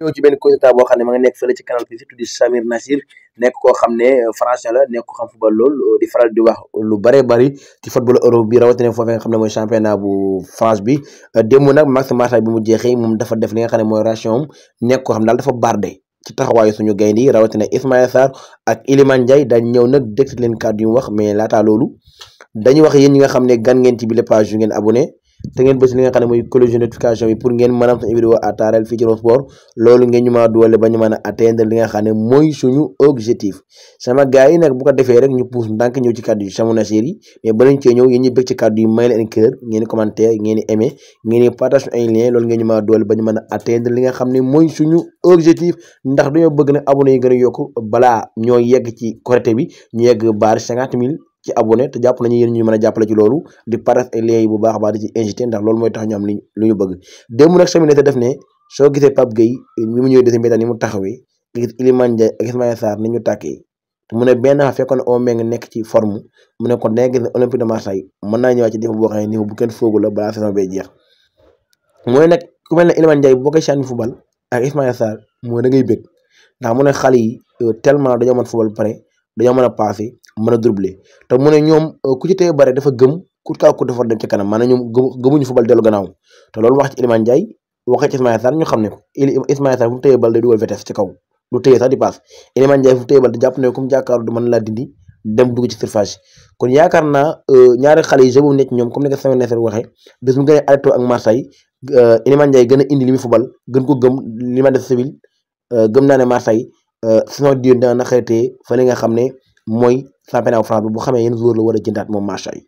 ñoo ci ben constat boo bo ne ma nga nek fele ci canal bi tuddi Samir Nasir nek ko xam français la nek ko xam football lol di faral di wax lu bare bari ci football euro bi rawatina fofé nga xam ne championnat bu France bi demu nak Max Mata bi mu jexé moom dafa def li nga xam moy ration nek ko xam dal dafa bardé ci taxawaayu suñu gaynde yi rawatina Ismaïla Sarr ak Iliman jay dañ ñew nak dekk leen kàddu yu wax mais laataa lolou dañuy wax yeen ñi nga xam gan ngeen ci bi le page yu ngeen abonné te ngeen bës li nga xam mooy ngeen mën a am seen vidéo à taaral fii ci Room Sport a doole ba ñu mën a li nga xam ne mooy suñu objectif sama gars yi nag bu ko defee rek ñu pousse ndànk ñëw ci kàddu yi Chamouna Séri yi mais balañ cee ñëw yéen ñu bëgg ci kàddu yi may leen cœur ngeen commentaire ngeen aimé ngeen partage ay lien loolu ñu mën a doole ba ñu mën a atteindre li nga xam ne mooy suñu objectif ndax dañoo bëgg nag abonné yi gën a yokk balaa ñoo yegg ci Korité bi ñu yegg baar cinquante mille ci abone te jàpp nañu yéen ñu mën a jàppale ci loolu di paraf ay liens bu baax a baax di ci incité ndax loolu mooy tax ñu am li lu ñu bëgg démb nag semaine soo gisee Pape Gueye mu ñëwee deuxième mi ni mu taxawee nga gis Iliman Ndiaye ak Ismaïla Sarr ñu tàkkee mu ne benn fekkoon ne Aubameyang nekk ci forme mu ne kon da nga gis ne Olympique de Marseille mën naa ñëwaat ci défa boo xam ne niveau bu kenn foogu la balaa saison bay jeex mooy nag ku mel ne Iliman Ndiaye boo koy sànni football ak Ismaïla Sarr mooy da ngay bëgg ndax mu ne xale yi euh, tellement dañoo mën football pare dañoo mën a passé mën a dribblé te mu ne ñoom euh, ku ci tey bare dafa gëm ku kaaku dafa dem ci kanam maanaam ñoom gëmuñu football dellu gannaaw te loolu wax ci Iliman Ndiaye waxee ci Ismaïla Sarr ñu xam ne ko Ismaïla Sarr fu mu téye bal day dugal vitesse ci kaw du téye sax di passe Iliman Ndiaye fu mu téye bal di jàpp ne comme jàkkaaru du mën laa dindi dem dugg ci surface kon yaakaar naa euh, ñaari xale yi jeu boobu nekk ñoom comme ni ko Samuel Nasser waxee bés mu gën a arrêté ak Marseille euh, Iliman a indi li muy football gën gëm li ma def Séville gëm naa ne Marseille Euh, saison di dana xaritee fa li nga xam ne mooy championnat bu France bi bu xamee yéen joueur la war a jëndaat moom marché yi